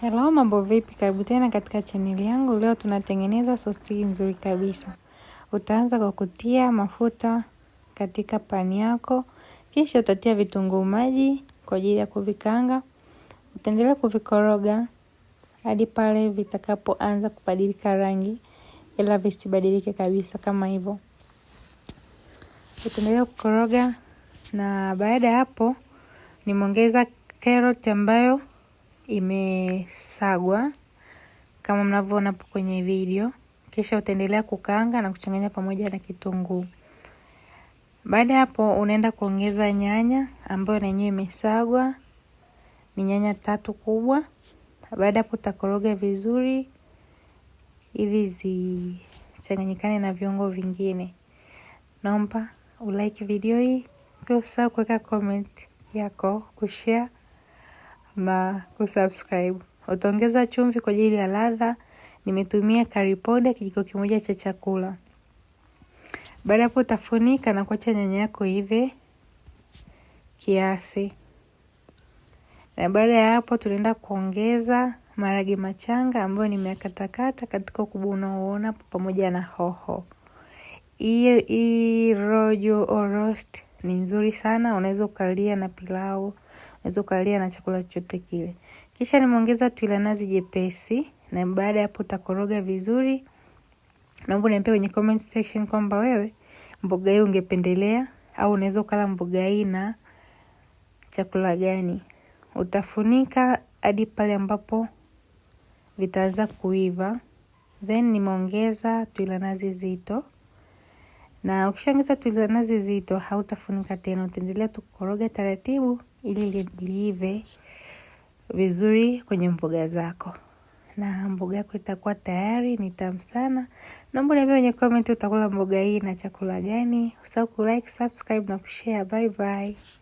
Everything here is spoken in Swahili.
Hello, mambo vipi? Karibu tena katika chaneli yangu. Leo tunatengeneza sosi nzuri kabisa. Utaanza kwa kutia mafuta katika pani yako, kisha utatia vitunguu maji kwa ajili ya kuvikanga. Utaendelea kuvikoroga hadi pale vitakapoanza kubadilika rangi, ila visibadilike kabisa kama hivyo. Utaendelea kukoroga, na baada ya hapo nimeongeza karoti ambayo imesagwa kama mnavyoona hapo kwenye video, kisha utaendelea kukaanga na kuchanganya pamoja na kitunguu. Baada ya hapo, unaenda kuongeza nyanya ambayo na yenyewe imesagwa, ni nyanya tatu kubwa. Baada hapo, utakoroga vizuri ili zichanganyikane na viungo vingine. Naomba ulike video hii, pia usahau kuweka comment yako, kushare na kusubscribe. Utaongeza chumvi kwa ajili ya ladha. Nimetumia curry powder kijiko kimoja cha chakula. Baada hapo utafunika na kuacha nyanya yako ive kiasi, na baada ya hapo tunaenda kuongeza maragi machanga ambayo nimeyakatakata katika ukubwa unaoona pamoja na hoho hii rojo o oh, roast ni nzuri sana, unaweza ukalia na pilau, unaweza ukalia na chakula chochote kile. Kisha nimeongeza tui la nazi jepesi, na baada ya hapo utakoroga vizuri. Naomba niambie kwenye comment section kwamba wewe mboga hii ungependelea au unaweza ukala mboga hii na chakula gani. Utafunika hadi pale ambapo vitaanza kuiva, then nimeongeza tui la nazi zito na ukishaongeza tuli la nazi zito hautafunika tena, utaendelea tukukoroga taratibu ili liive vizuri kwenye mboga zako, na mboga yako itakuwa tayari. Ni tamu sana. Naomba niambie kwenye comment utakula mboga hii na chakula gani. Usahau kulike, subscribe na kushare. Bye bye.